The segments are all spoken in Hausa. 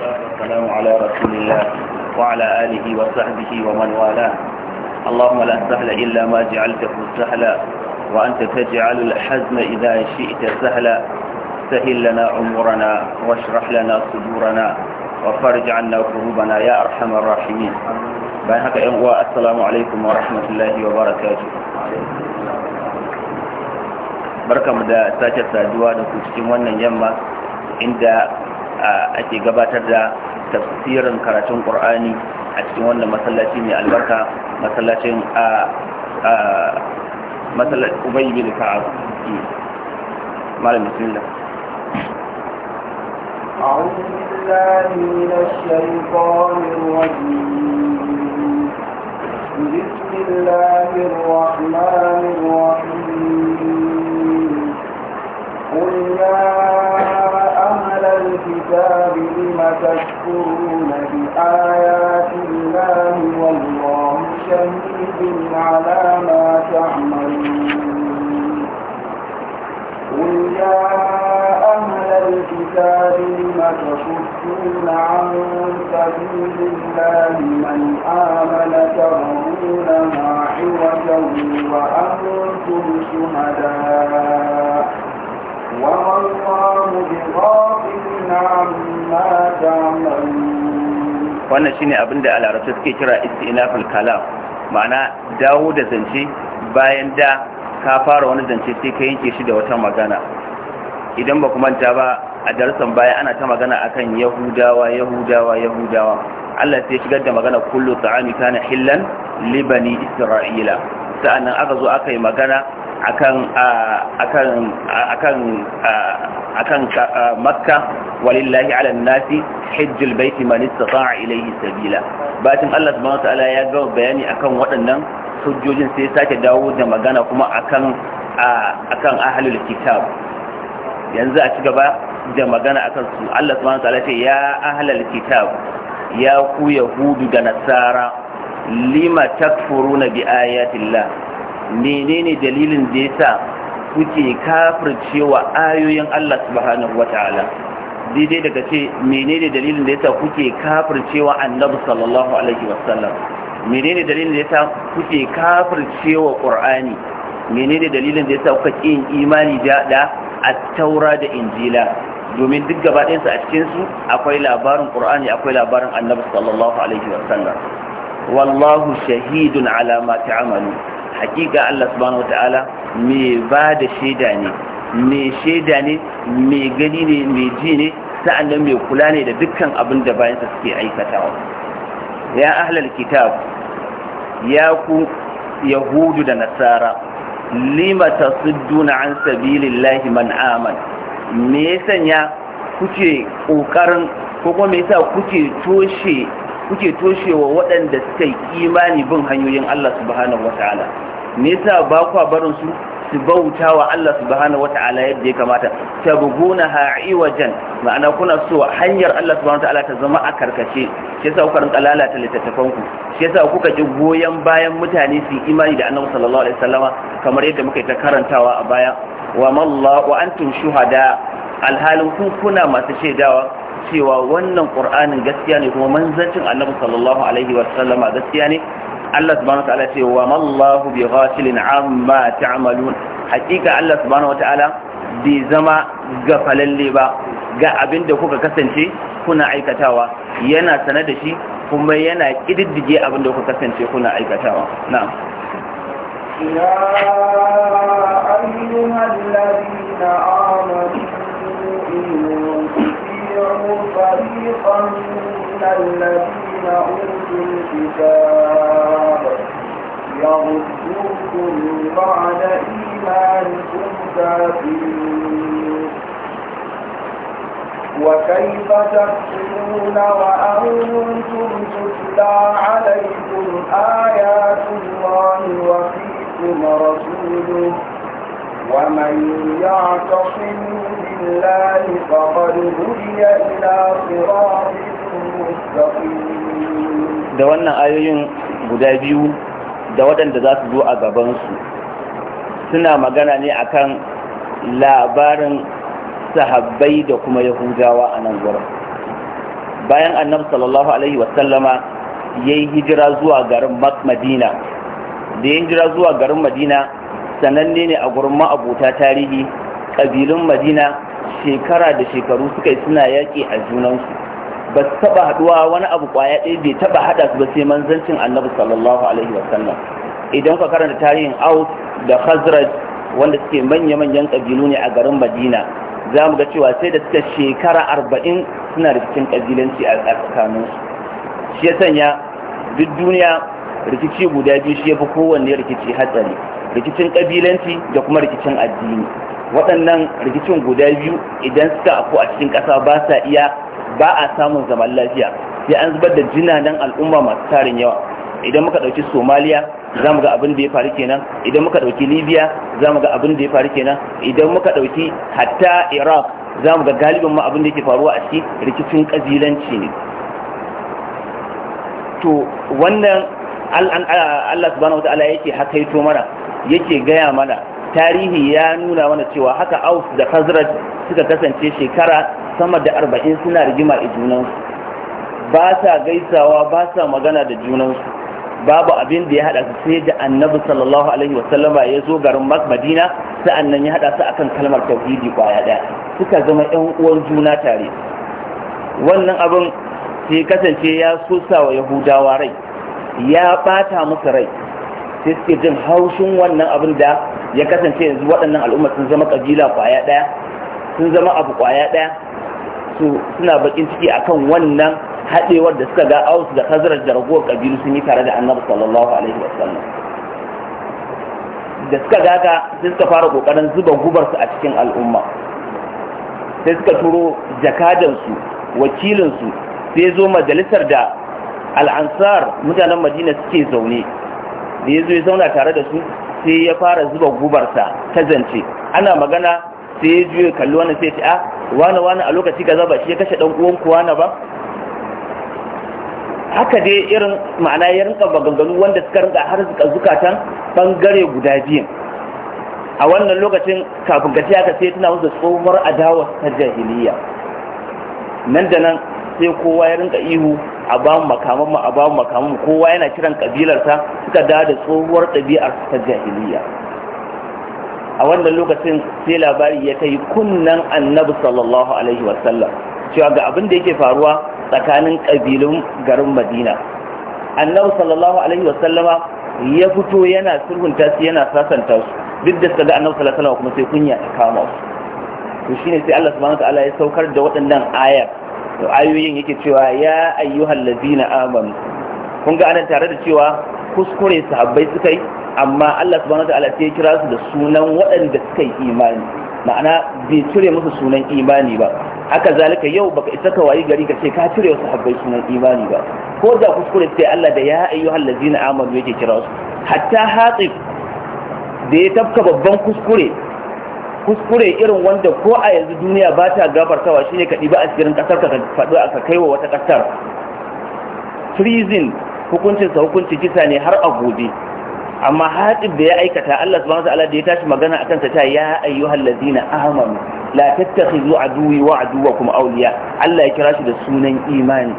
والسلام على رسول الله وعلى آله وصحبه ومن والاه اللهم لا سهل إلا ما جعلته سهلا وأنت تجعل الحزن إذا شئت سهلا سهل لنا أمورنا واشرح لنا صدورنا وفرج عنا كروبنا يا أرحم الراحمين بأنك أنواع السلام عليكم ورحمة الله وبركاته بركة مدى ساجة saduwa da ku inda ake gabatar da tafsirin karatun ƙur'ani a cikin wannan masallaci mai albarka masallacin a masallacin ubai bin ka'ab malam bismillah أعوذ بالله من الشيطان الرجيم بسم الله الرحمن الرحيم قل يا الكتاب لم تشكرون بآيات الله والله شهيد على ما تعملون قل يا أهل الكتاب لم تصدون عن سبيل الله من آمن ترونها عوجا وأنتم شهداء wannan shine abin da alarabta suke kira istinafil kalam ma'ana dawo da zance bayan da ka fara wani zance sai ka yanke shi da wata magana idan ba ku manta ba a darsan baya ana ta magana akan yahudawa yahudawa yahudawa Allah sai shigar da magana kullu ta'ami kana hillan libani isra'ila sa'annan aka zo aka yi magana akan makka walillahi ala nasi hijjul baiti man istata'a ilayhi sabila batin Allah subhanahu wataala ya ga bayani akan waɗannan hujjojin sai sake dawo da magana kuma akan a kitab yanzu a ci gaba da magana akan su Allah subhanahu wataala ce ya ahlul kitab ya ku yahudu da nasara lima takfuruna bi ayatillah menene dalilin da yasa kuke kafircewa ayoyin Allah subhanahu wataala daidai daga ce menene dalilin da yasa kuke kafircewa annabi sallallahu alaihi wasallam menene dalilin da yasa kuke kafircewa qur'ani menene dalilin da yasa kuka kin imani da at-taura da injila domin duk gabaɗinsu a cikinsu akwai labarin ƙur'ani akwai labarin annabi sallallahu alaihi wasallam wallahu shahidun ala ma ta'malu hakika Allah subhanahu wataala me ba da shaida ne me shaida ne me gani ne me ji ne sa'annan me kula ne da dukkan abin da bayansa suke aikatawa ya ahlal kitab ya ku yahudu da nasara lima tasudduna an sabilillahi man aman me yasa kuke kokarin ko kuma me yasa kuke toshe kuke toshewa waɗanda suka yi imani bin hanyoyin Allah subhanahu wata'ala me yasa ba kwa barin su su bauta wa Allah subhanahu wata'ala yadda ya kamata tabghuna ha'iwajan ma'ana kuna so hanyar Allah subhanahu wata'ala ta zama a karkace shi yasa kuka rinka lalata littattafan ku shi yasa kuka ji goyen bayan mutane su imani da Annabi sallallahu alaihi wasallama kamar yadda muka ta karantawa a baya wa mallahu wa antum shuhada alhalin ku kuna masu shaidawa cewa wannan qur'anin gaskiya ne kuma manzancin annabi sallallahu alaihi wa sallama gaskiya ne Allah subhanahu wa ta'ala ce wa mallahu bi ghafilin amma ta'malun hakika Allah subhanahu wa ta'ala bai zama gafalalle ba ga abin da kuka kasance kuna aikatawa yana sanar da shi kuma yana kididdige abin da kuka kasance kuna aikatawa na'am ya ayyuhal ladina amanu فريقا من الذين أوتوا الكتاب يردوكم بعد إيمانكم كافرين وكيف تكفرون وأنتم تتلى عليكم آيات الله وفيكم رسوله ومن يعتصم بالله فقد هدي إلى صراط مستقيم da wannan ayoyin guda biyu da waɗanda za su zo a gabansu suna magana ne akan labarin sahabbai da kuma yahudawa a nan gurin bayan annab sallallahu alaihi wasallama ya yi hijira zuwa garin madina da ya hijira zuwa garin madina sananne ne a gurin ma'abuta tarihi ƙabilun madina shekara da shekaru suka yi suna yaƙi a junansu ba su taɓa haɗuwa wani abu ƙwaya ɗaya bai taɓa haɗa su ba sai manzancin annabi sallallahu alaihi wasallam idan ka karanta tarihin aus da khazraj wanda suke manya-manyan ƙabilu ne a garin madina za mu ga cewa sai da suka shekara arba'in suna cikin ƙabilanci a tsakaninsu shi ya sanya duk duniya rikici guda biyu shi ya fi kowanne rikici hatsari rikicin kabilanci da kuma rikicin addini waɗannan rikicin guda biyu idan suka ko a cikin ƙasa ba sa iya ba a samun zaman lafiya sai an zubar da jinanan al'umma masu tarin yawa idan muka ɗauki somaliya za mu ga abin da ya faru kenan idan muka ɗauki libya za mu ga abin da ya faru kenan idan muka ɗauki hatta iraq za mu ga galibin ma abin da yake faruwa a ciki rikicin ƙabilanci ne to wannan Allah subhanahu wataala yake hakaito mana yake gaya mana tarihi ya nuna mana cewa haka Aus da Khazraj suka kasance shekara sama da arba'in suna rigima a junansu ba sa gaisawa ba sa magana da junansu babu abin da ya hada su sai da annabi sallallahu alaihi wasallama ya zo garin madina nan ya hada su akan kalmar tauhidi kwaya daya suka zama yan uwan juna tare wannan abin sai kasance ya sosa wa yahudawa rai ya bata musu rai sai suke jin haushin wannan abin da ya kasance yanzu waɗannan al'umma sun zama kabila kwaya ɗaya sun zama abu kwaya ɗaya su suna bakin ciki akan wannan haɗewar da suka ga aus da hazarar da ragowar kabilu sun yi tare da annabi sallallahu alaihi sallam da suka gaga sai suka fara kokarin zuba gubarsu a cikin al'umma sai suka turo jakadansu wakilinsu sai zo majalisar da al'ansar mutanen madina suke zaune da ya zo ya zauna tare da su sai ya fara zuba gubarsa ta zance ana magana sai ya juya kalli wani sai ta ah, wani wani a lokaci ga ba shi ya kashe dan uwan ku wani ba haka dai irin ma'ana ya rinka maganganu wanda suka rinka har zuka zukatan bangare guda biyu a wannan lokacin kafin ka aka sai tana wasu tsohuwar adawar ta jahiliya nan da nan sai kowa ya rinka ihu a ba mu makaman mu a ba mu makaman mu kowa yana kiran kabilarsa suka da da tsohuwar ɗabi'ar ta jahiliya a wannan lokacin sai labari ya kai kunnan annabi sallallahu alaihi sallam cewa ga abin da yake faruwa tsakanin kabilun garin madina annabi sallallahu alaihi sallama ya fito yana sulhun su yana sasanta su duk da sada annabi sallallahu alaihi kuma sai kunya ta kama su to shine sai Allah subhanahu ta'ala ya saukar da waɗannan ayar to ayoyin yake cewa ya ayyuhal ladina amanu kun ga anan tare da cewa kuskure sahabbai suka yi amma Allah subhanahu ta'ala sai kira su da sunan waɗanda suka yi imani ma'ana bai cire musu sunan imani ba haka zalika yau baka isa ka wayi gari ka ce ka cire wasu sahabbai sunan imani ba ko da kuskure sai Allah da ya ayyuhal ladina amanu yake kira su hatta hatib da ya tafka babban kuskure kuskure irin wanda ko a yanzu duniya ba ta gafartawa ne ka ɗiba cikin ƙasar ka faɗo ka kai wa wata ƙasar prison hukuncinsa hukuncin kisa ne har a gobe amma haɗin da ya aikata Allah subhanahu wataala da ya tashi magana a kan ta ya ayyuhal ladina amanu la tattakhizu aduwi wa kuma awliya Allah ya kira shi da sunan imani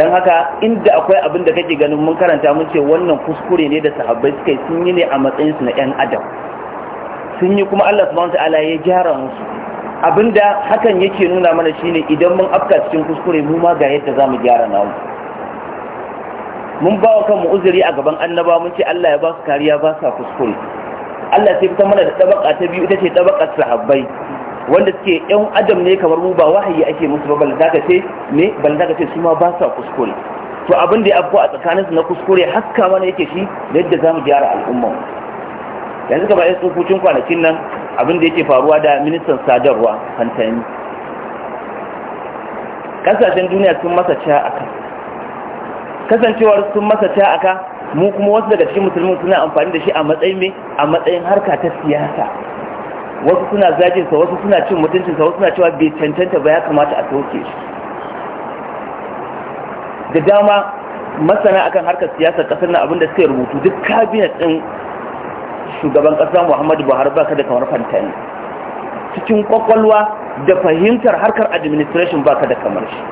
dan haka inda akwai abin da kake ganin mun karanta mun ce wannan kuskure ne da sahabbai suka yi sun yi ne a matsayin su na yan adam sun yi kuma Allah subhanahu ta'ala ya gyara musu abinda hakan yake nuna mana shine idan mun afka cikin kuskure mu ma ga yadda zamu gyara namu mun ba wa kanmu uzuri a gaban annaba mun ce Allah ya ba su kariya ba sa kuskure Allah sai fitar mana da tabaka ta biyu ita ce tabakar sahabbai wanda suke yan adam ne kamar mu ba wahayi ake musu ba balanta ka ce ne su ma ba sa kuskure to abin da ya afko a tsakaninsu na kuskure hakka mana yake shi da yadda zamu gyara al'umma yanzu gaba ya tsofocin kwanakin nan abin da yake faruwa da ministan sadarwa hantani kasashen duniya sun masa ca aka kasancewar sun masa ca aka mu kuma wasu daga cikin musulmi suna amfani da shi a matsayin mai a matsayin harka ta siyasa wasu suna zagin wasu suna cin mutuncin wasu suna cewa bai cancanta ba ya kamata a soke shi da dama masana akan harkar siyasar kasar nan abinda suka rubutu duk kabinet din shugaban ƙasa muhammadu buhari ba ka da kamar fantani cikin kwakwalwa da fahimtar harkar administration ba ka da kamar shi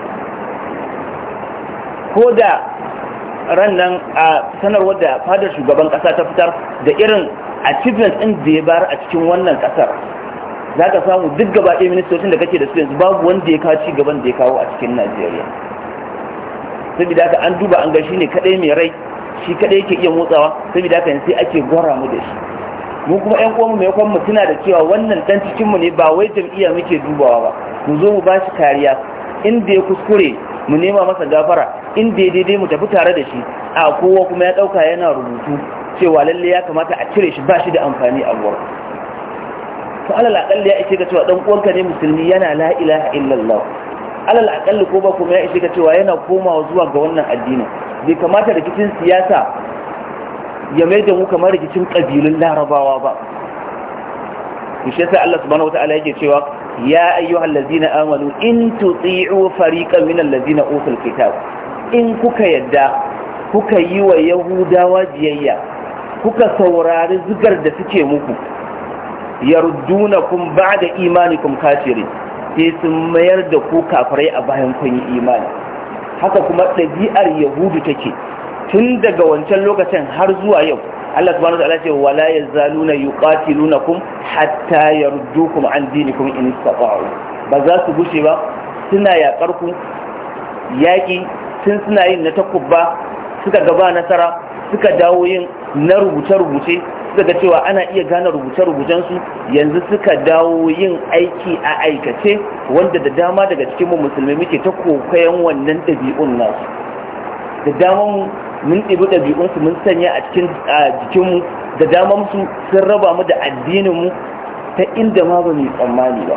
ko da ran nan a sanarwar da fadar shugaban ƙasa ta fitar da irin achievements ɗin da ya bayar a cikin wannan ƙasar za ka samu duk gaba ɗaya ministocin da kake da su yanzu babu wanda ya kawo gaban da ya kawo a cikin najeriya saboda an duba an ga shi ne kaɗai mai rai shi kadai yake iya motsawa saboda haka sai ake gwara mu da shi mu kuma ƴan uwanmu mai kwan mu tuna da cewa wannan dan cikin mu ne ba wai jam'iyya muke dubawa ba mu zo mu bashi kariya inda ya kuskure mu nema masa gafara inda ya daidai mu tafi tare da shi a kowa kuma ya ɗauka yana rubutu cewa lalle ya kamata a cire shi ba shi da amfani a wurin to alal aqalli ya ishe ga cewa dan uwanka ne musulmi yana la ilaha illallah alal akalli ko ba kuma ya ishe ka cewa yana komawa zuwa ga wannan addinin bai kamata rikicin siyasa ya mai da mu kamar rikicin kabilun larabawa ba ku shi yasa Allah subhanahu wataala yake cewa ya ayyuhal ladzina amanu in tuti'u fariqan min alladzina utul kitab in kuka yadda kuka yi wa yahudawa jiyayya kuka saurari zugar da suke muku yardunakum ba'da imanikum kafirin sai sun mayar da ku kafirai a bayan kun yi imani haka kuma ɗabi'ar yahudu take tun daga wancan lokacin har zuwa yau Allah subhanahu wataala ce wala yazaluna yuqatilunakum hatta yardukum an dinikum in istata'u ba za su gushe ba suna yakar ku yaki tun suna yin na takubba suka gaba nasara suka dawo yin na rubuce-rubuce suka ga cewa ana iya gane rubuce-rubucensu yanzu suka dawo yin aiki a aikace wanda da dama daga cikin mu musulmi muke ta kokayen wannan ɗabi'un nasu da dama mun ɗibi ɗabi'unsu mun sanya a cikin jikinmu da dama su sun raba mu da addininmu ta inda ma ba mu tsammani ba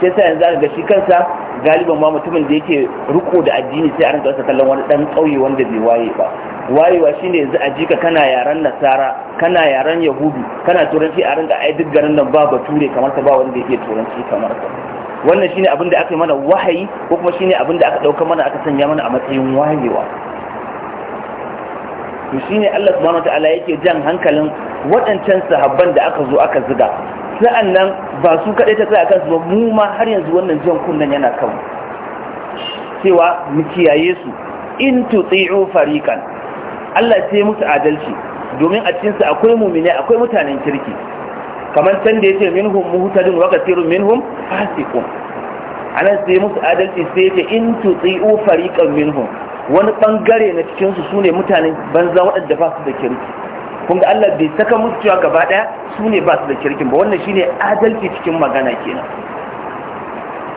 sai sa yanzu aka ga shi kansa galiban ma mutumin da yake riko da addini sai a rinka wasa kallon wani dan kauye wanda bai waye ba wayewa shine yanzu a jika kana yaran nasara kana yaran yahudu kana turanci a rinka ai duk garin nan ba bature kamar ka ba wanda yake turanci kamar ka wannan shine abin da aka yi mana wahayi ko kuma shine abin da aka ɗauka mana aka sanya mana a matsayin wayewa to shi ne Allah subhanahu ta'ala yake jan hankalin waɗancan sahabban da aka zo aka ziga Sa'an nan ba su kaɗai ta tsaya kansu ba mu ma har yanzu wannan jan kunnan yana kawo. cewa mu kiyaye su in tuti'u fariqan Allah sai musu adalci domin a cikin su akwai mu'mini akwai mutanen kirki kamar can da yake minhum muhtadun wa kathirun minhum fasiqun anan sai musu adalci sai ce in tuti'u fariqan minhum wani bangare na cikinsu su ne mutane banza waɗanda ba su da kirki kun ga Allah bai saka musu cewa gaba ɗaya su ne ba su da kirkin ba wannan shine adalci cikin magana kenan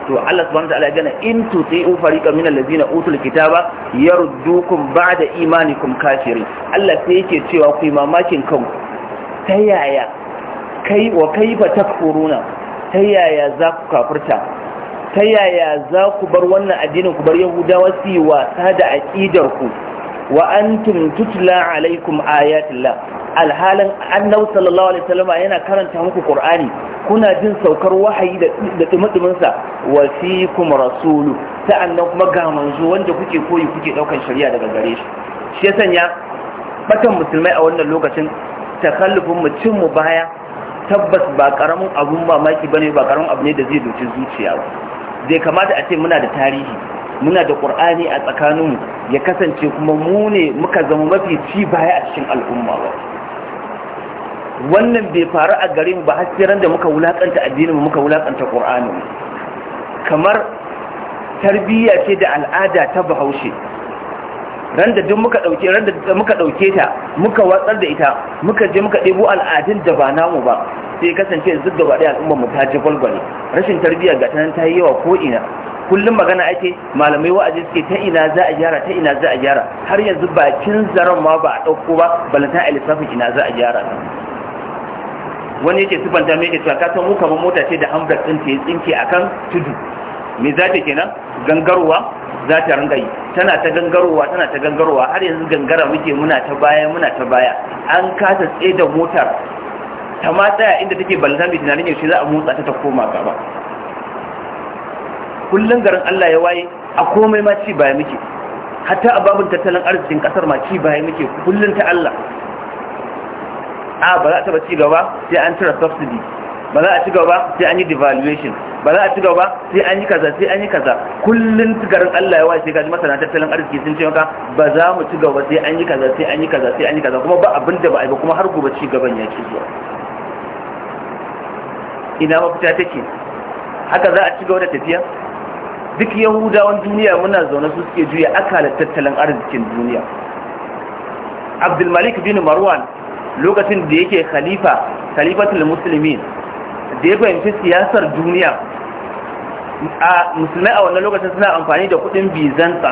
to Allah subhanahu ta'ala gana in tuti'u fariqan min allazina utul kitaba yaruddukum ba'da imanikum kafirin Allah sai yake cewa ku mamakin kanku ta yaya kai wa kaifa takfuruna ta yaya za ku kafirta ta yaya za ku bar wannan addinin ku bar yahudawa su yi wasa da aƙidar ku wa antum tutla alaikum ayatullah alhalin annabi sallallahu alaihi wasallam yana karanta muku qur'ani kuna jin saukar wahayi da dumudumin sa wa fiikum rasulu sa'annan kuma ga manzo wanda kuke koyi kuke daukan shari'a daga gare shi shi ya sanya batan musulmai a wannan lokacin takallufin mutum mu baya tabbas ba karamin abun mamaki bane ba karamin abu ne da zai doci zuciya ba bai kamata a ce muna da tarihi muna da ƙur'ani a tsakaninmu ya kasance kuma mu ne muka zama mafi ci baya a cikin al'umma ba wannan bai faru a gare mu ba har sai da muka wulakanta addinin muka wulakanta ƙur'ani kamar tarbiyya ce da al'ada ta bahaushe randa duk muka dauke da muka dauke ta muka watsar da ita muka je muka ɗebo al'adun da ba namu ba sai kasance yanzu gaba ɗaya al'umma mu ta ji gwalgwale rashin tarbiyya ga ta ta yi yawa ko ina kullum magana ake malamai wa'azi suke ta ina za a gyara ta ina za a gyara har yanzu bakin zaron ma ba a ɗauko ba balanta a lissafin ina za a gyara wani yake banta mai yake cewa ka san mu kamar mota ce da hamdar ɗin ta yi tsinke akan tudu me za ta kenan gangarowa za ta ranga yi tana ta gangarowa tana ta gangarowa har yanzu gangara muke muna ta baya muna ta baya an kasa tsaye da motar ta ma tsaya inda take balanta mai tunanin yaushe za a motsa ta ta koma gaba kullum garin Allah ya waye a komai ma ci baya muke hatta a babin tattalin arzikin kasar ma ci baya muke kullum ta Allah a ba za a taba ci gaba sai an cire subsidy ba za a ci gaba sai an yi devaluation ba za a ci gaba sai an yi kaza sai an yi kaza kullum garin Allah ya waye sai kaji masana tattalin arziki sun ce maka ba za mu ci gaba sai an yi kaza sai an yi kaza sai an yi kaza kuma ba abin da ba a yi ba kuma har gobe ci gaban ya ci zuwa ina mafita take haka za a ci gaba da tafiya duk yahudawan duniya muna zaune su suke juya akalar tattalin arzikin duniya abdulmalik bin marwan lokacin da yake khalifa khalifatul musulmin da ya fahimci siyasar duniya a musulmai a wannan lokacin suna amfani da kudin bizansa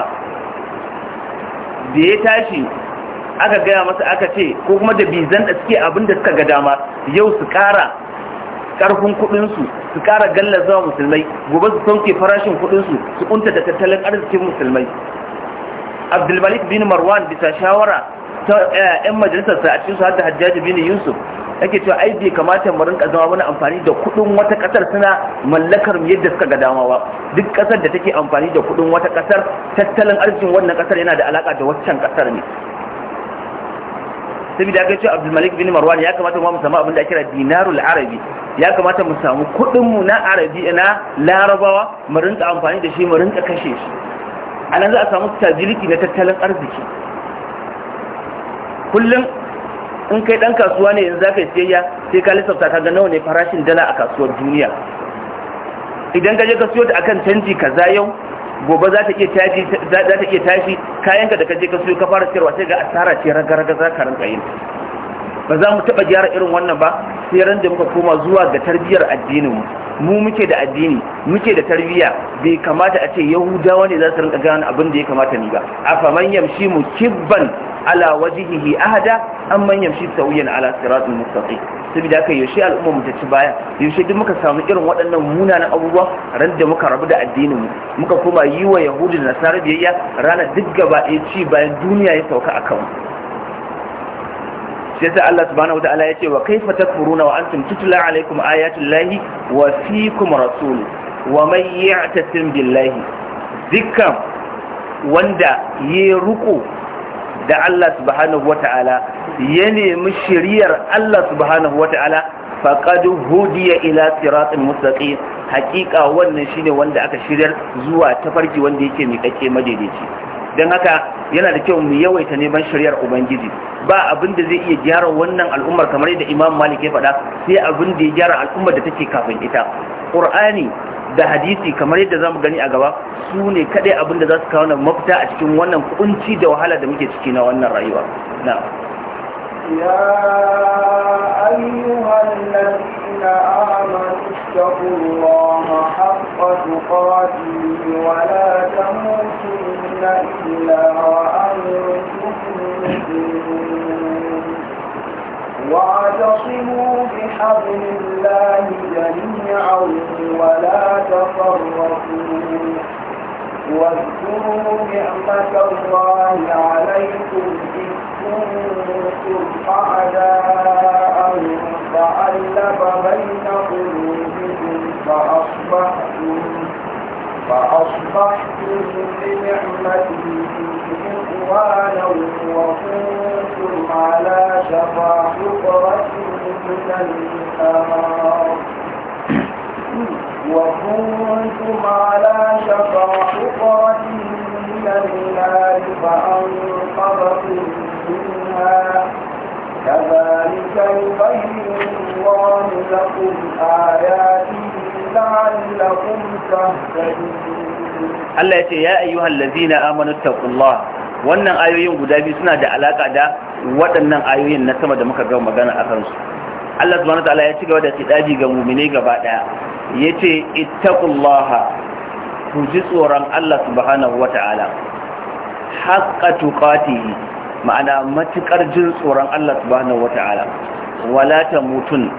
da ya tashi aka gaya masa aka ce ko kuma da bizan da suke abinda suka ga dama yau su kara karfin kuɗinsu su kara ƙara zuwa musulmai gobe su sauke farashin kuɗinsu su unta da tattalin arzikin musulmai abdulmalik bin marwan bisa shawara ta eh, yan sa a cikin su hadda hajjaji bin yusuf yake cewa ai bai kamata mu rinka zama wani amfani da kuɗin wata kasar suna mallakar mu yadda suka ga dama ba duk kasar da take amfani da kuɗin wata kasar tattalin arzikin wannan ƙasar yana da alaka da waccan kasar ne saboda aka ce Abdul Malik bin Marwan ya kamata mu samu abin da ake kira dinarul arabi ya kamata mu samu kudin mu na arabi na larabawa mu rinka amfani da shi mu rinka kashe shi anan za a samu tajiliki na tattalin arziki kullum in kai dan kasuwa ne yanzu zaka yi siyayya sai ka lissafta ka nawa ne farashin dala a kasuwar duniya idan ka je ka siyo ta akan canji kaza yau gobe za ta iya tashi za ta iya tashi kayanka da kaje ka siyo ka fara siyarwa sai ga asara ce raga-raga za ka yin ba za mu taɓa gyara irin wannan ba sai ran da muka koma zuwa ga tarbiyar addinin mu muke da addini muke da tarbiyya bai kamata a ce yahudawa ne za su rinka gane abin da ya kamata ni ba afaman yamshi mu kibban ala wajhihi ahada amman yamshi sawiyan ala siratul mustaqim saboda haka yaushe al'ummar mu ta ci baya yaushe duk muka samu irin waɗannan munanan abubuwa ran da muka rabu da addinin mu muka koma yi wa yahudu da nasara biyayya ranar duk gaba ɗaya ci bayan duniya ya sauka a kanmu sai sai Allah subhanahu ta'ala ya ce wa kaifa takfuruna wa antum tutla alaikum ayatul lahi wa fiikum rasul wa man ya'tasim billahi dukkan wanda ya ruku da Allah subhanahu wata'ala ya nemi shiriyar Allah subhanahu wata'ala faqad hudiya ila siratin mustaqim hakika wannan shine wanda aka shiryar zuwa tafarki wanda yake miƙaƙe madaidaici Dan haka yana da kyau mu yawaita neman shari'ar ubangiji ba abin da zai iya gyara wannan al'ummar kamar yadda imam malik ya faɗa sai abin da ya gyara al'ummar da take kafin ita qur'ani da hadisi kamar yadda za mu gani a gaba su ne kaɗai abin da za su kawo mafita a cikin wannan kunci da wahala da muke ciki na wannan rayuwa na ya ayyuhan ladina amanu taqullaha haqqa wa la tamutunna illa wa واعتصموا بحبل الله جميعا ولا تفرقوا واذكروا نعمة الله عليكم إذ كنتم أعداء فألف بين قلوبكم فأصبحتم فأصبحتم بنعمته إخوانا وكنتم على شفا حفرة من النار وكنتم على شفا حفرة من النار فأنقذكم منها كذلك يبين الله لكم آياته Allah ya ya ya يا أيها الذين amanu اتقوا wannan ayoyin guda biyu suna da alaƙa da waɗannan ayoyin na sama da muka ga magana a kansu Allah ya ci gaba da ɗaji ga mummine gaba ce yace ittaqullaha ku ji tsoron Allah subhanahu ta'ala haƙa tuqatihi ma'ana matukar jin tsoron Allah subhanahu ta'ala. wala mutum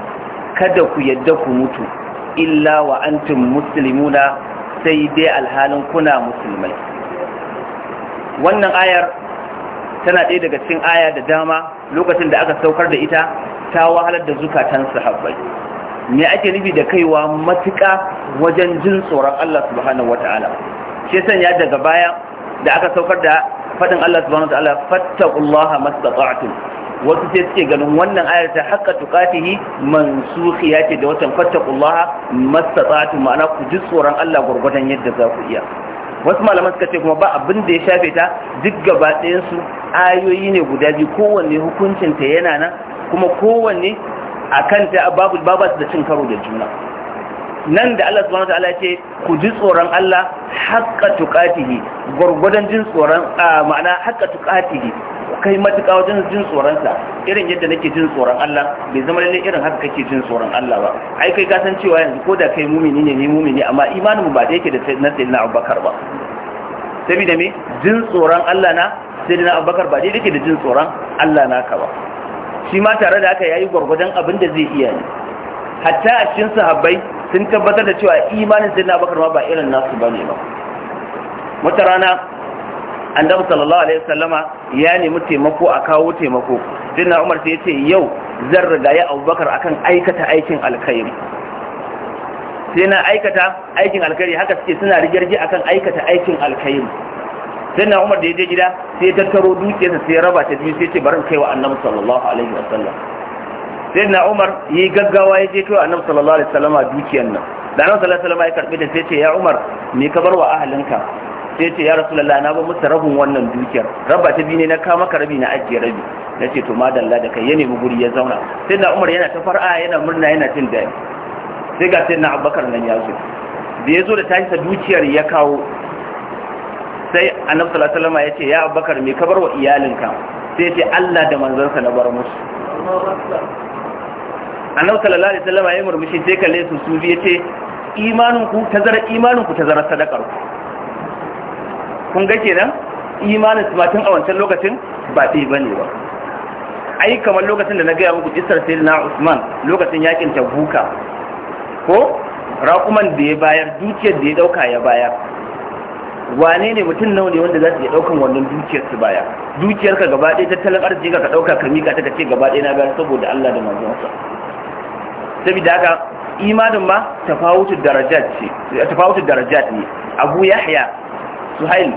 kada ku yadda ku mutu illa wa antum muslimuna sai dai alhalin kuna musulmai wannan ayar tana ɗaya daga cikin aya da dama lokacin da aka saukar da ita ta wahalar da zukatan sahabbai me ake nufi da kaiwa matuƙa wajen jin tsoron Allah subhanahu wata'ala shi sanya daga baya da aka saukar da faɗin Allah subhanahu wata'ala fattaqullaha mastata'tum wasu sai suke ganin wannan ayar ta haqqa tuqatihi ya ce da watan fattaqullaha mastata'tu ma'ana ku ji tsoron Allah gurgurdan yadda za ku iya wasu malaman suka ce kuma ba abin da ya shafe ta duk gaba ɗayansu ayoyi ne guda biyu kowanne hukuncinta yana nan kuma kowanne a kanta babu babu da cin karo da juna nan da Allah subhanahu wataala ya ce ku ji tsoron Allah haqqa tuqatihi gurgurdan jin tsoron ma'ana haqqa tuqatihi kai matuƙa wajen jin sa irin yadda nake jin tsoron Allah bai zama lalle irin haka kake jin tsoron Allah ba ai kai ka san cewa yanzu ko da kai mumini ne ni mumini amma imanin mu ba da yake da na sayyidina Abubakar ba saboda me jin tsoron Allah na sayyidina Abubakar ba da yake da jin tsoron Allah na ka ba shi ma tare da haka yayi gurgurdan abin da zai iya ne hatta a cikin sahabbai sun tabbatar da cewa imanin sai na bakar ma ba irin nasu ba ne ba wata rana an damu sallallahu alaihi wasallama ya nemi taimako a kawo taimako sai na umar sai ya ce yau zan riga ya abubakar akan aikata aikin alkhairi sai na aikata aikin alkhairi haka suke suna rigirgi akan aikata aikin alkhairi sai na umar da ya je gida sai ya tattaro dukiyarsa sai ya raba ta biyu sai ya ce barin kaiwa annabi sallallahu alaihi wasallam sai na umar yi gaggawa ya je to annabi sallallahu alaihi wasallam dukiyar nan da annabi sallallahu alaihi wasallam ya karbi ta sai ce ya umar me ka bar wa ahalinka sai ce ya rasulullah na ba musu rabin wannan dukiyar rabba ta biyu ne na kama ka rabi na ajiye rabi na ce to madalla da kai ya nemi guri ya zauna sai na umar yana ta far'a yana murna yana jin daɗi sai ga sai na abubakar nan ya zo da ya zo da tashi sa dukiyar ya kawo sai annabi sallallahu alaihi wasallam ya ce ya abubakar me ka bar wa iyalinka sai ce Allah da manzansa na bar musu annabi sallallahu alaihi wasallam ya murmushi sai kalle su su biye ce imanin ku zara imanin ku zara sadakar kun ga kenan imanin su matan a wancan lokacin ba ta yi bane ba ai kamar lokacin da na gaya muku isar sai na Usman lokacin yakin Tabuka ko raƙuman da ya bayar dukiyar da ya dauka ya bayar wane ne mutum nawa ne wanda za su iya daukan wannan dukiyar su baya dukiyar ka gaba ɗaya tattalin arziki ka dauka ka mika ta ka ce gaba ɗaya na bayar saboda Allah da manzon sa saboda haka imanin ma tafawutu darajat ne abu yahya suhail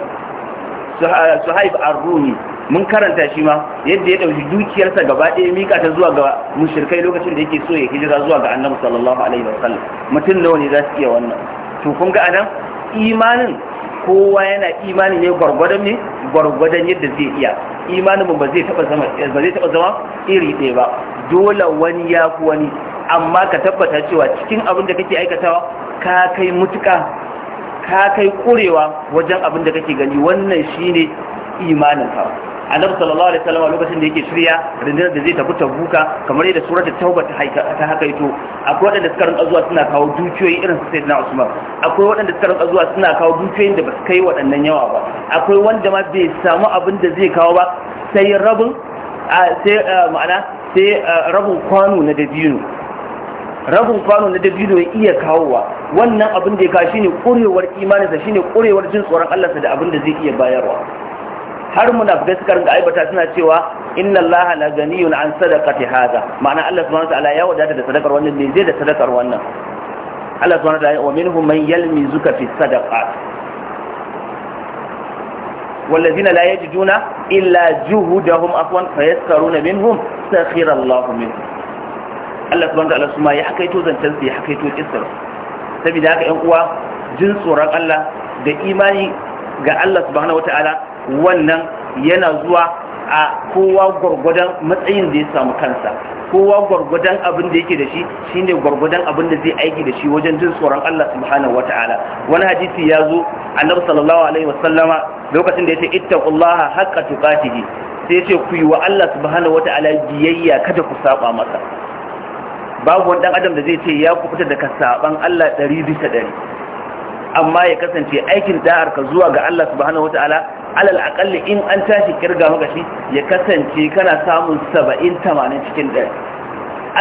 suhaib ar-ruhi mun karanta shi ma yadda ya dauki dukiyarsa gaba ɗaya mika ta zuwa ga mushrikai lokacin da yake so ya hijira zuwa ga annabi sallallahu alaihi wasallam mutum nawa ne za su iya wannan to kun ga anan imanin kowa yana imanin ne gwargwadon ne gwargwadon yadda zai iya imanin ba zai taba zama ba zai taba zama iri ɗaya ba dole wani ya fi wani amma ka tabbata cewa cikin abin da kake aikatawa ka kai mutuka ka kai kurewa wajen abin da kake gani wannan shine imanin ka annabi sallallahu alaihi wasallam lokacin da yake shirya rundunar da zai tafi tabuka kamar yadda suratul tauba ta haika ta ito akwai waɗanda suka rinka zuwa suna kawo dukiyoyi irin su sayyidina usman akwai waɗanda suka rinka zuwa suna kawo dukiyoyin da ba su kai waɗannan yawa ba akwai wanda ma bai samu abin da zai kawo ba sai rabin sai ma'ana sai rabin kwano na dabino rabin kwano na dabino ya iya kawowa wannan abin da ya kawo shine kurewar imaninsa shine ƙurewar jin tsoron Allah da abin da zai iya bayarwa har munafikai suka rinka aibata suna cewa inna allaha la ganiyun an sadaqati hadha ma'ana Allah subhanahu wa ta'ala ya wadata da sadakar wannan ne zai da sadakar wannan Allah subhanahu wa ta'ala wa minhum man yalmizuka fi sadaqat والذين لا يجدون إلا جهودهم أفوا فيسخرون منهم سخر الله منهم Allah subhanahu wataala su ma ya ito zancen su ya ito kissar saboda haka ƴan uwa jin tsoron Allah da imani ga Allah subhanahu ta'ala wannan yana zuwa a kowa gwargwadon matsayin da ya samu kansa kowa gwargwadon abin da yake da shi shine gwargwadon abin da zai aiki da shi wajen jin tsoron Allah subhanahu ta'ala wani hadisi ya zo annabi sallallahu alaihi sallama lokacin da yace ittaqullaha haqqa tuqatihi sai ce ku yi wa Allah subhanahu ta'ala biyayya kada ku saba masa babu wani dan adam da zai ce ya kubuta daga saban Allah 100 bisa amma ya kasance aikin da'ar ka zuwa ga Allah subhanahu wataala alal aqalli in an tashi kirga maka shi ya kasance kana samun 70 80 cikin 100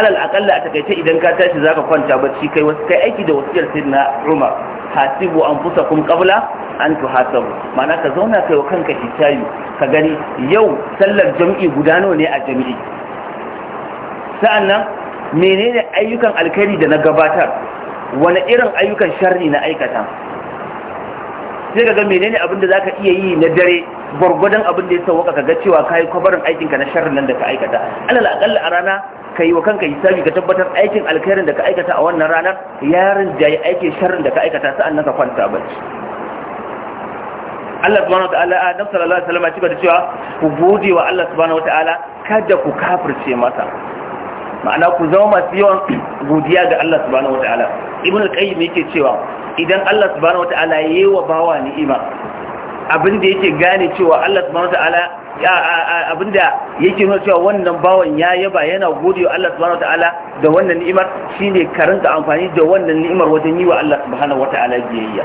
alal aqalli a takaice idan ka tashi zaka kwanta bacci kai wasu kai aiki da wasiyar sayyidina Umar hasibu anfusakum qabla an tuhasabu mana ka zauna kai wa kanka tayi ka gani yau sallar jami'i guda nawa ne a jami'i sa'annan menene ayyukan alkari da na gabatar wani irin ayyukan sharri na aikata sai ka ga menene abin da zaka iya yi na dare gwargwadon abin da ya sauka ka ga cewa kai kwabarin aikin ka na sharrin nan da ka aikata alal akalla a rana ka wa kanka hisabi ka tabbatar aikin alkhairin da ka aikata a wannan ranar yarin da ya aikin sharrin da ka aikata sa'annan ka kwanta bacci Allah subhanahu wataala annabi sallallahu alaihi wasallam ya ce ku gode wa Allah subhanahu ta'ala kada ku kafirce masa ma'ana ku zama masu yawan godiya ga Allah subhanahu wata'ala ibn al-qayyim yake cewa idan Allah subhanahu wata'ala yayi wa bawa ni'ima abin da yake gane cewa Allah subhanahu wata'ala ya abinda yake nuna cewa wannan bawan ya yaba yana gode wa Allah subhanahu wata'ala da wannan ni'imar shine karin da amfani da wannan ni'imar wajen yi wa Allah subhanahu wata'ala biyayya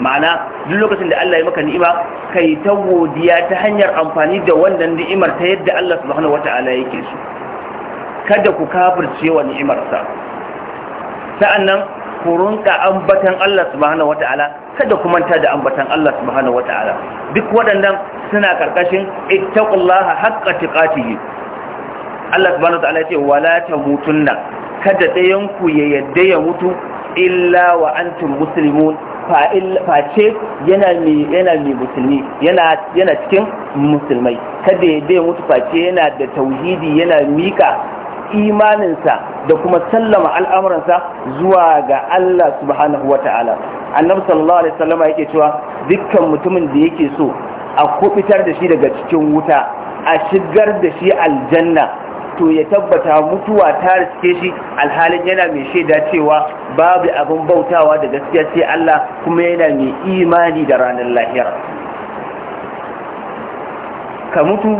ma'ana duk lokacin da Allah ya maka ni'ima kai ta godiya ta hanyar amfani da wannan ni'imar ta yadda Allah subhanahu wata'ala yake so kada ku kafirce wa ni'imarsa sa'annan ku runka ambatan Allah subhanahu wata'ala kada ku manta da ambatan Allah subhanahu wata'ala duk waɗannan suna karkashin ittaqullaha haqqa tiqatihi Allah subhanahu wata'ala yace wala tamutunna kada dayan ku ya yadda ya mutu illa wa antum muslimun face yana mai musulmi yana cikin musulmai kada ya dai mutu face yana da tauhidi yana mika imaninsa da kuma sallama al'amuransa zuwa ga Allah subhanahu wa ta'ala annabi sallallahu alaihi wasallama yake cewa dukkan mutumin da yake so a kubitar da shi daga cikin wuta a shigar da shi aljanna to ya tabbata mutuwa ta riske shi alhalin yana mai shaida cewa babu abin bautawa da gaskiya sai Allah kuma yana mai imani da ranar lahira ka mutu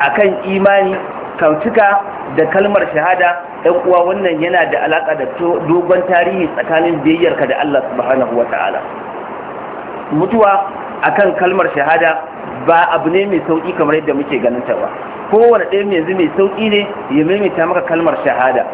akan imani kautuka da kalmar shahada ɗan uwa wannan yana da alaƙa da dogon tarihi tsakanin biyayyarka da Allah subhanahu ta'ala. mutuwa akan kalmar shahada ba abu ne mai sauƙi kamar yadda muke ganin ta ba kowane ɗaya yanzu mai sauƙi ne ya maimaita maka kalmar shahada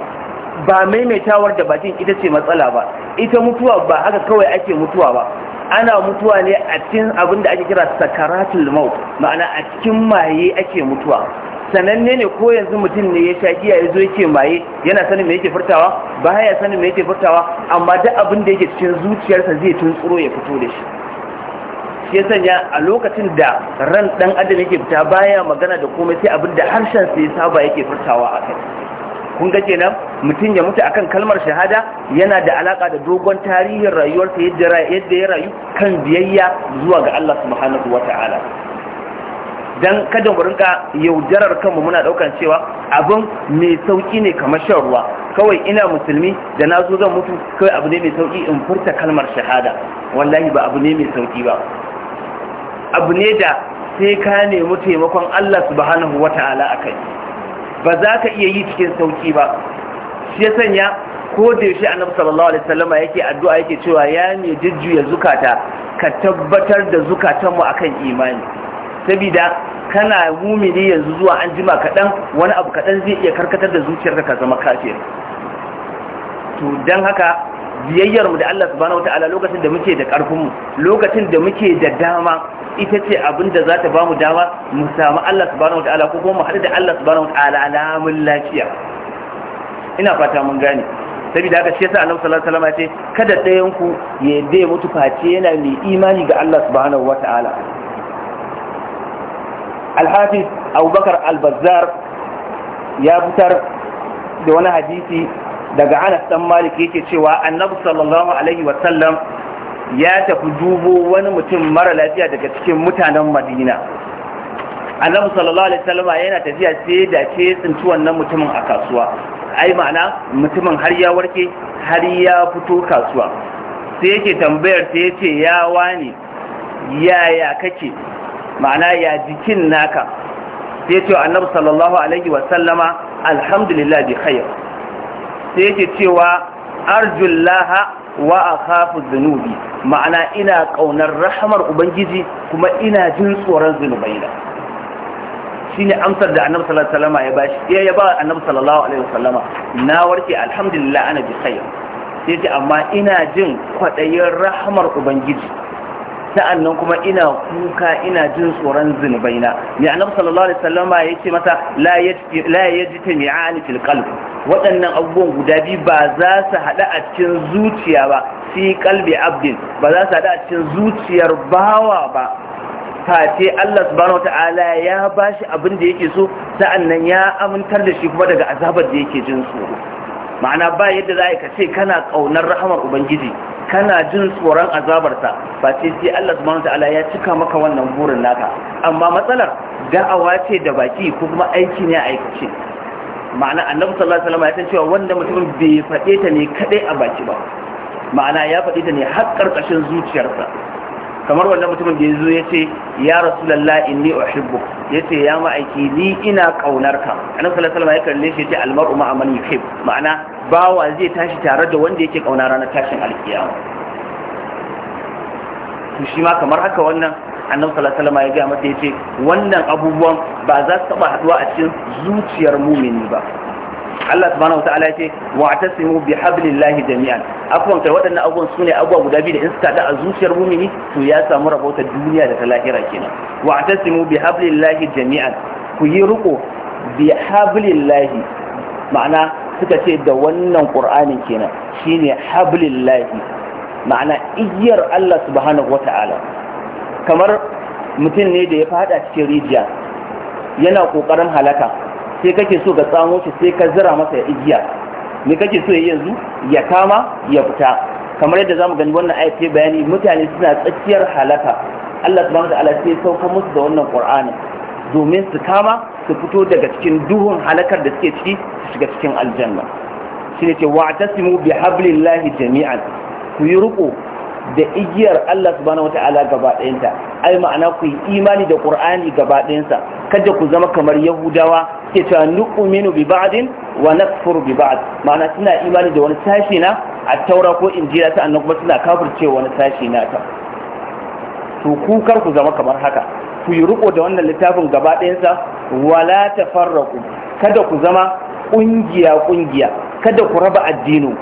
ba maimaitawar da bakin ita ce matsala ba ita mutuwa ba haka kawai ake mutuwa ba ana mutuwa ne a cikin abin da ake kira sakaratul maut ma'ana a cikin maye ake mutuwa sananne ne ko yanzu mutum ne ya sha giya ya zo yake maye yana sanin me yake furtawa ba ya sanin me yake furtawa amma duk abin da yake cikin zuciyarsa zai tuntsuro ya fito da shi shi ya sanya a lokacin da ran dan adam yake fita baya magana da komai sai abin da harshen sa ya saba yake furtawa a kai kun ga kenan mutum ya mutu akan kalmar shahada yana da alaka da dogon tarihin rayuwarsa yadda ya rayu kan biyayya zuwa ga Allah subhanahu wataala dan kada mu rinka yaudarar kanmu muna daukan cewa abin mai sauki ne kamar shan ruwa kawai ina musulmi da na zo zan mutu kawai abu ne mai sauki in furta kalmar shahada wallahi ba abu ne mai sauki ba abu ne da sai ka nemi taimakon Allah subhanahu wata'ala akai ba za ka iya yi cikin sauki ba shi ya sanya ko da yaushe annabi sallallahu alaihi wasallama yake addu'a yake cewa ya ne jujjuya zukata ka tabbatar da zukatanmu akan imani saboda kana mumini yanzu zuwa an jima kaɗan wani abu kaɗan zai iya karkatar da da ka zama kafin to don haka biyayyarmu da Allah subhanahu wata'ala lokacin da muke da ƙarfinmu lokacin da muke da dama ita ce abin da za ta ba mu dama mu samu Allah subhanahu wata'ala ko kuma mu haɗu da Allah subhanahu wata'ala alamun lafiya ina fata mun gane saboda haka shi yasa Annabi sallallahu alaihi wasallam ya ce kada ɗayan ku ya dai mutu face yana mai imani ga Allah subhanahu wata'ala alhafiz abubakar albazar ya fitar da wani hadisi daga anas dan malik yake cewa annabi sallallahu alaihi wasallam ya tafi dubo wani mutum mara lafiya daga cikin mutanen madina annabi sallallahu alaihi wasallam yana tafiya sai da ke tsinci wannan mutumin a kasuwa ai ma'ana mutumin har ya warke har ya fito kasuwa sai yake tambayar sai yace ya wani yaya kake ma'ana ya jikin naka sai ya ce annabi sallallahu alaihi wasallama alhamdulillah bi khair sai yake cewa arjullaha wa akhafu dhunubi ma'ana ina ƙaunar rahmar ubangiji kuma ina jin tsoron Shi ne amsar da annabi sallallahu alaihi wasallama ya bashi ya yaba annabi sallallahu alaihi wasallama na warke alhamdulillah ana bi khair sai ce amma ina jin kwaɗayin rahmar ubangiji sa'annan kuma ina kuka ina jin tsoron na ya annabi sallallahu alaihi wasallama ya ce mata la yajti mi'ani fil qalb waɗannan abubuwan guda biyu ba za su hada a cikin zuciya ba fi qalbi abdin ba za su hada a cikin zuciyar bawa ba face Allah subhanahu wata'ala ya bashi abin da yake so sa'annan ya amintar da shi kuma daga azabar da yake jin tsoro ma'ana ba yadda za ka ce kana ƙaunar rahamar ubangiji kana jin tsoron azabarsa ba ce sai Allah subhanahu ta'ala ya cika maka wannan burin naka amma matsalar da'awa ce da baki ko kuma aiki ne a aikace ma'ana annabi sallallahu alaihi wasallam ya san cewa wanda mutumin bai faɗe ta ne kadai a baki ba ma'ana ya faɗe ta ne har ƙarƙashin zuciyarsa kamar wannan mutumin da ya zo ya ce ya rasulallah inni uhibbu ya ce ya ma'aiki ni ina kaunar ka a nan alaihi ma ya kalle shi ya ce almar'u ma'amman man ma'ana bawa zai tashi tare da wanda yake kauna ranar tashin alkiyama to shi ma kamar haka wannan annabi sallallahu alaihi wasallam ya ga mata ya ce wannan abubuwan ba za su taba haduwa a cikin zuciyar mumini ba Allah subhanahu wa ya ce wa'tasimu bihablillahi jami'an afwan kai waɗannan abubuwan sune abubuwa guda biyu da in suka da a zuciyar mumini to ya samu rabota duniya da ta lahira kenan watasimu bihablillahi jami'an ku yi riko bihablillahi ma'ana suka ce da wannan qur'anin kenan shine hablillahi ma'ana igiyar Allah subhanahu ta'ala kamar mutum ne da ya fada cikin rijiya yana kokarin halaka sai kake so ka tsamo shi sai ka zira masa ya igiya me kake so ya yanzu ya kama ya fita kamar yadda zamu gani wannan ayat bayani mutane suna tsakiyar halaka Allah subhanahu wataala sai sauka musu da wannan Qur'ani domin su kama su fito daga cikin duhun halakar da suke ciki su shiga cikin aljanna shine ce wa'tasimu bihablillahi jami'an ku yi riko da igiyar Allah subhanahu wata'ala gaba ɗayanta ai ma'ana ku yi imani da Qur'ani gaba ɗayansa kada ku zama kamar Yahudawa ke nu'minu bi ba'din wa nakfuru bi ba'd ma'ana suna imani da wani sashi na a taura ko injila ta annan kuma suna kafirce wani sashi na ta to ku kar ku zama kamar haka ku yi riko da wannan littafin gaba ɗayansa wala tafarraqu kada ku zama ƙungiya ƙungiya kada ku raba addinin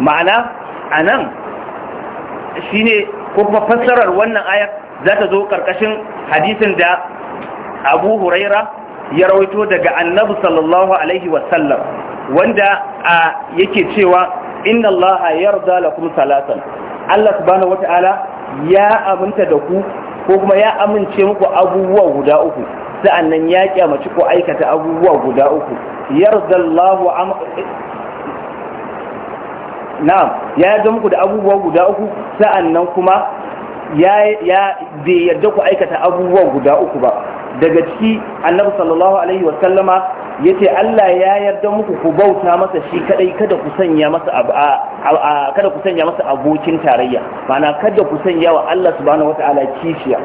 ma'ana a nan shine ko kuma fassarar wannan ayar za ta zo ƙarƙashin hadisin da abu huraira ya rawaito daga annabi sallallahu alaihi wasallam wanda a yake cewa inna allaha yarda lakum salatan Allah subhanahu wata'ala ya aminta da ku ko kuma ya amince muku abubuwa guda uku sa'annan ya kyamaci ko aikata abubuwa guda uku yarda Allahu na'am ya yarda muku da abubuwa guda uku sa'annan kuma ya ya bai yarda ku aikata abubuwa guda uku ba daga ciki annabi sallallahu alaihi wa sallama yace Allah ya yarda muku ku bauta masa shi kadai kada ku sanya masa kada ku sanya masa abokin tarayya mana kada ku sanya wa Allah subhanahu wataala kishiya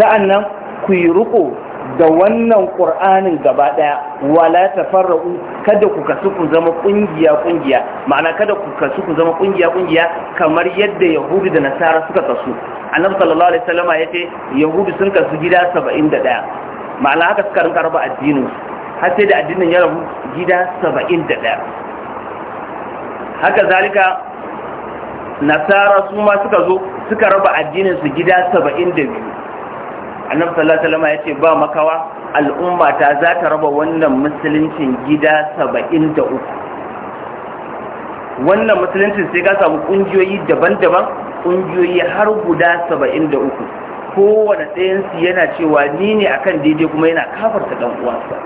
sa'annan ku yi riko da wannan ƙur'anin gaba ɗaya wala ta fara'u, kada ku kasu ku zama ƙungiya ƙungiya ma'ana kada ku kasu ku zama ƙungiya ƙungiya kamar yadda yahudu da nasara suka kasu annabi sallallahu alaihi ya ce, yahudu sun kasu gida 71 ma'ana haka suka rinka raba addinin har sai da addinin ya rabu gida 71 haka zalika nasara su ma suka zo suka raba addinin su gida 72 annabi sallallahu alaihi wasallam ya ce ba makawa al'umma ta za ta raba wannan musuluncin gida 73 wannan musuluncin sai ka samu kungiyoyi daban-daban kungiyoyi har guda 73 kowane ɗayansu yana cewa ni ne akan daidai kuma yana kafarta dan uwansa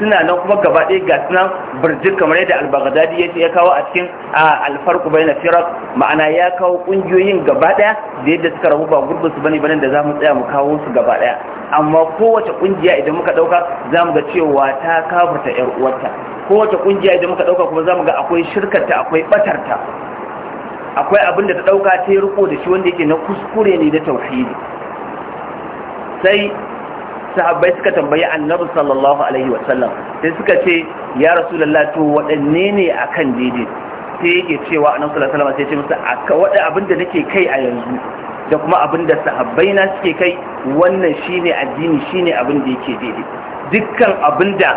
suna nan kuma gaba ɗaya ga sunan birjik kamar yadda al-baghdadi ya ya kawo a cikin alfarku bai na firak ma'ana ya kawo ƙungiyoyin gaba ɗaya da yadda suka rabu ba gurbin su bane bane da za mu tsaya mu kawo su gaba ɗaya amma kowace ƙungiya idan muka ɗauka za mu ga cewa ta kafurta 'yar uwarta kowace ƙungiya idan muka ɗauka kuma za mu ga akwai shirkarta akwai batarta akwai abin da ta ɗauka ta yi riko da shi wanda yake na kuskure ne da tauhidi sai sahabbai suka tambayi annabi sallallahu alaihi wasallam sai suka ce ya rasulullah to waɗanne ne akan daidai sai yake cewa annabi sallallahu alaihi wasallam sai ce musu aka wada abin da nake kai a yanzu da kuma abin da sahabbai na suke kai wannan shine addini shine abin da yake daidai dukkan abin da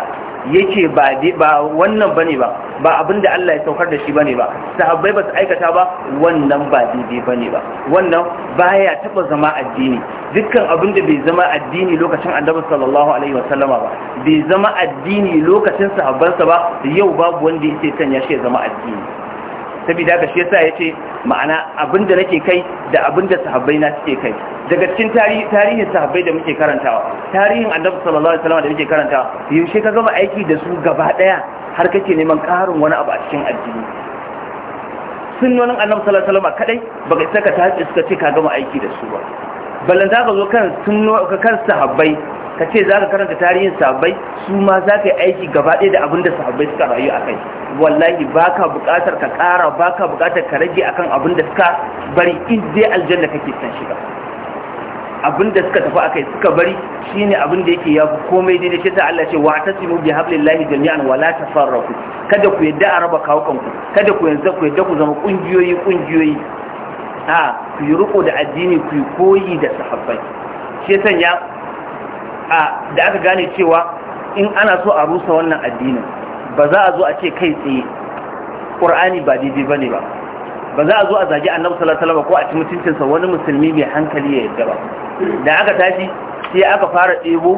yake ba ba wannan bane ba ba abinda Allah ya saukar da shi bane ba sahabbai ba su aikata ba wannan ba daidai bane ba wannan baya taba zama addini dukkan abinda bai zama addini lokacin Annabi sallallahu alaihi wasallama ba bai zama addini lokacin sahabbansa ba yau babu wanda yake ya shi ya zama addini saboda ga shi yasa yace ma'ana abinda nake kai da abinda sahabbai na suke kai daga cikin tarihi tarihin sahabbai da muke karantawa tarihin annabi sallallahu alaihi wasallam da muke karantawa yaushe ka gama aiki da su gaba daya har kake neman karin wani abu a cikin addini sunnonin annabi sallallahu alaihi wasallam kadai baka saka ta suka ce ka gama aiki da su ba ballan za ka zo kan sunno kan sahabbai ka ce za ka karanta tarihin sahabbai su ma za ka yi aiki gaba ɗaya da abin da sahabbai suka rayu a kai wallahi ba ka buƙatar ka ƙara ba ka buƙatar ka rage akan abin da suka bari in zai aljanna kake son shiga abin da suka tafi akai suka bari shine abin da yake fi komai daidai shi ta Allah ce wa tasimu bi hablillahi jami'an wa la tafarraqu kada ku yadda a raba kanku kada ku yanzu ku yadda ku zama kungiyoyi kungiyoyi a ku yi riko da addini ku yi koyi da sahabbai shi sanya a da aka gane cewa in ana so a rusa wannan addinin ba za a zo a ce kai tsaye ƙur'ani ba daidai ba ne ba ba za a zo a zagi annabi sallallahu alaihi wasallam ko a ci mutuncinsa wani musulmi mai hankali ya yarda ba da aka tashi sai aka fara ɗebo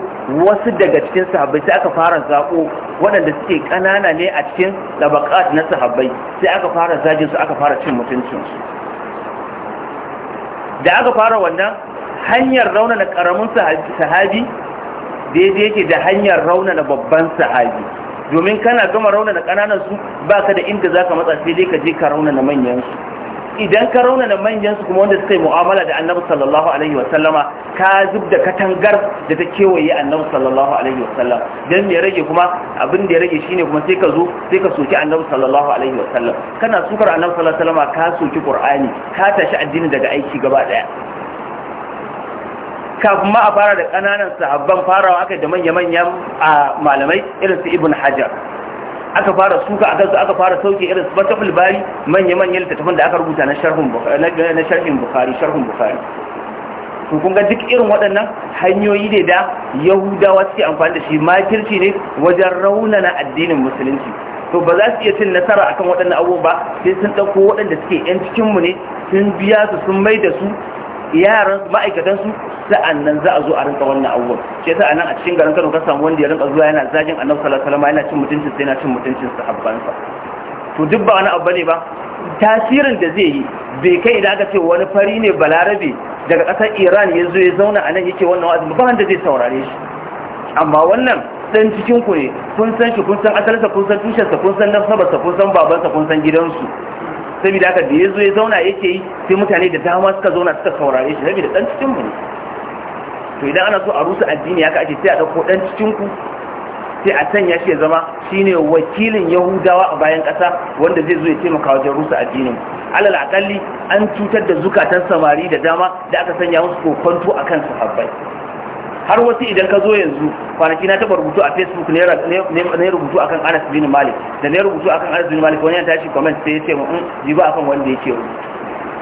wasu daga cikin sahabbai sai aka fara zaɓo waɗanda suke ƙanana ne a cikin labakat na sahabbai sai aka fara zagin su aka fara cin mutuncinsu da aka fara wannan hanyar raunana ƙaramin sahabi daidai yake da hanyar raunana babban sahabi domin kana gama raunana ƙananan su baka da inda zaka matsa sai dai ka je ka raunana manyan su idan ka raunana manyan su kuma wanda suka yi mu'amala da annabi sallallahu alaihi wasallama ka zub da katangar da ta kewaye annabi sallallahu alaihi wasallam dan me rage kuma abin da ya rage shine kuma sai ka zo sai ka soki annabi sallallahu alaihi wasallam kana sukar annabi sallallahu alaihi wasallama ka soki qur'ani ka tashi addini daga aiki gaba daya kafin ma a fara da ƙananan sahabban farawa aka da manya-manyan a malamai irin su ibn hajar aka fara suka akan su aka fara sauke irin su bata bari manya-manyan littattafan da aka rubuta na sharhin bukari sharhin bukari ga duk irin waɗannan hanyoyi ne da yahudawa suke amfani da shi makirci ne wajen raunana addinin musulunci to ba za su iya cin nasara akan waɗannan abubuwa sai sun ɗauko waɗanda suke 'yan cikinmu ne sun biya su sun mai da su yaran ma'aikatan su sa'annan za a zo a rinka wannan abubuwan shi yasa anan a cikin garin Kano ka samu wanda ya rinka zuwa yana zagin Annabi sallallahu alaihi wasallam yana cin mutuncin sai yana cin mutuncin sahabbansa to duk ba wani abu ne ba tasirin da zai yi bai kai idan aka ce wani fari ne balarabe daga ƙasar Iran ya zo ya zauna anan yake wannan wa'azi ba wanda zai saurare shi amma wannan dan cikin ku ne kun san shi kun san asalinsa kun san tushensa kun san nasabarsa kun san babansa kun san gidansu saboda haka da ya zo ya zauna yake yi sai mutane da dama suka zauna suka saurare shi saboda dan cikin mu ne to idan ana so a rusa addini haka ake sai a dauko dan cikin ku sai a sanya shi ya zama shine wakilin yahudawa a bayan kasa wanda zai zo ya taimaka wajen rusa addinin alal akalli an cutar da zukatan samari da dama da aka sanya musu kokonto akan sahabbai har wasu idan ka zo yanzu kwanaki na taɓa rubutu a facebook ne rubutu akan anas bin malik da ne rubutu akan anas bin malik wani ya tashi comment sai ya ce mun mm, ji ba akan wanda ya rubutu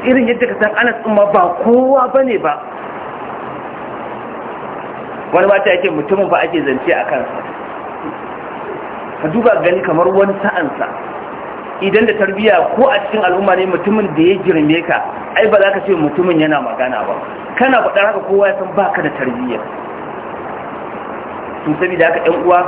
irin yadda ka san anas din ma ba kowa bane ba wani mata yake mutumin ba ake zance a kansa ka duba gani kamar wani sa'ansa idan da tarbiyya ko a cikin al'umma ne mutumin da ya girme ka ai ba za ka ce mutumin yana magana ba kana faɗar haka kowa ya san baka da tarbiyya to sabida haka ɗan uwa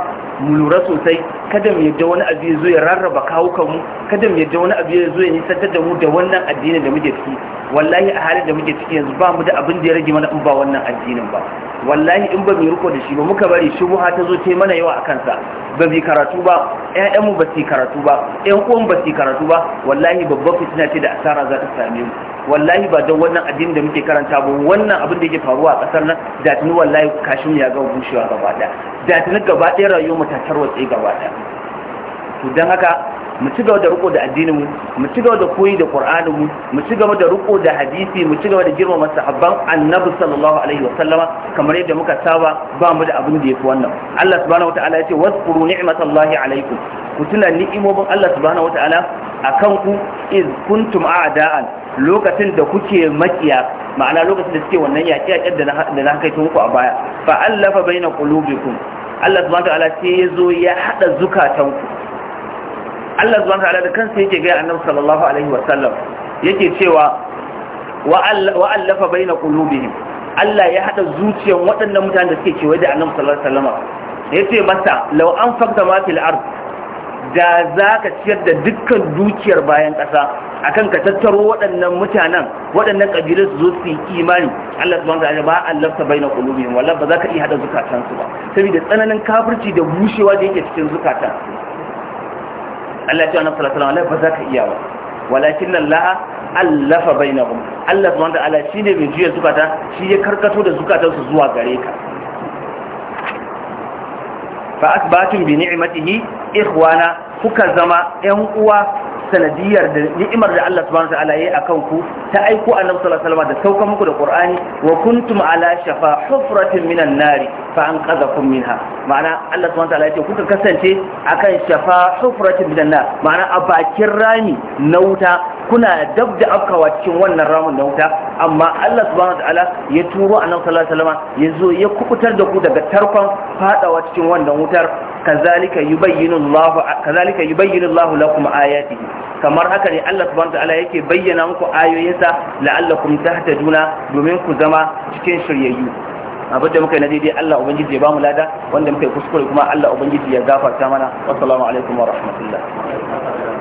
mu lura sosai kada mu yadda wani abu ya zo ya rarraba kawukan mu kada mu yadda wani abu ya zo ya nisantar da mu da wannan addinin da muke ciki wallahi a halin da muke ciki yanzu ba mu da abin da ya rage mana in ba wannan addinin ba wallahi in ba mu riko da shi ba muka bari buha ta zo ta mana yawa a kansa ba mu karatu ba ƴaƴan mu ba su karatu ba ƴan uwan ba su karatu ba wallahi babban fitina ce da asara za ta same mu wallahi ba don wannan addinin da muke karanta ba wannan abin da yake faruwa a ƙasar nan da tuni wallahi kashin ya ga bushewa gaba ɗaya da tuni gaba ɗaya rayuwar mu ta tarwatsa gaba ɗaya to don haka mu ci gaba da riko da addininmu mu ci gaba da koyi da qur'aninmu mu ci gaba da riko da hadisi mu ci gaba da girmama sahabban annabi sallallahu alaihi wa sallama kamar yadda muka saba ba mu da abin da yafi wannan Allah subhanahu wataala yace wasfuru ni'matallahi alaikum ku tuna ni'imomin Allah subhanahu wataala akan ku iz kuntum a'da'an lokacin da kuke makiya ma'ana lokacin da suke wannan yaƙe-yaƙen da na kai ku a baya fa allafa baina qulubikum Allah subhanahu wataala sai ya zo ya hada zukatanku Allah subhanahu ta'ala da kansa yake gaya annabi sallallahu alaihi wa sallam yake cewa wa allafa baina qulubihim Allah ya hada zuciyar waɗannan mutanen da suke kewaye da annabi sallallahu alaihi wa sallam yace masa law fakta ma fil ard da zaka ciyar da dukkan dukiyar bayan ƙasa akan ka tattaro waɗannan mutanen waɗannan kabilu su zo su yi imani Allah subhanahu ta'ala ba Allah ta baina qulubihim wallahi ba za ka iya hada zukatansu ba saboda tsananin kafirci da bushewa da yake cikin zukatan Allah ya ce annabi sallallahu alaihi ba za ka iya ba walakin Allah allafa bainahum Allah subhanahu wa ta'ala shine mai juya zukata shi ya karkato da zukatansu su zuwa gare ka fa batun bi ni'matihi ikhwana kuka zama yan uwa sanadiyar da ni'imar da Allah subhanahu wataala yayi akan ku ta aiko annabi sallallahu alaihi wasallam da sauka muku da Qur'ani wa kuntum ala shafa hufratin minan nari fa anqadhakum minha ma'ana Allah subhanahu wataala yace kuka kasance akan shafa hufratin minan nar ma'ana a bakin rami na wuta kuna dab da afkawa cikin wannan ramin na wuta amma Allah subhanahu wataala ya turo annabi sallallahu alaihi wasallam ya zo ya kubutar da ku daga tarkon fadawa cikin wannan wutar kazalika yubayyinu Allah kazalika yubayyinu Allah lakum ayatihi kamar haka ne Allah subhanahu wataala yake bayyana muku ayoyinsa la'allakum tahtaduna domin ku zama cikin shiryayyu abin da muka yi na daidai Allah ubangiji ya ba mu lada wanda muka yi kuskure kuma Allah ubangiji ya gafarta mana wassalamu alaikum wa rahmatullah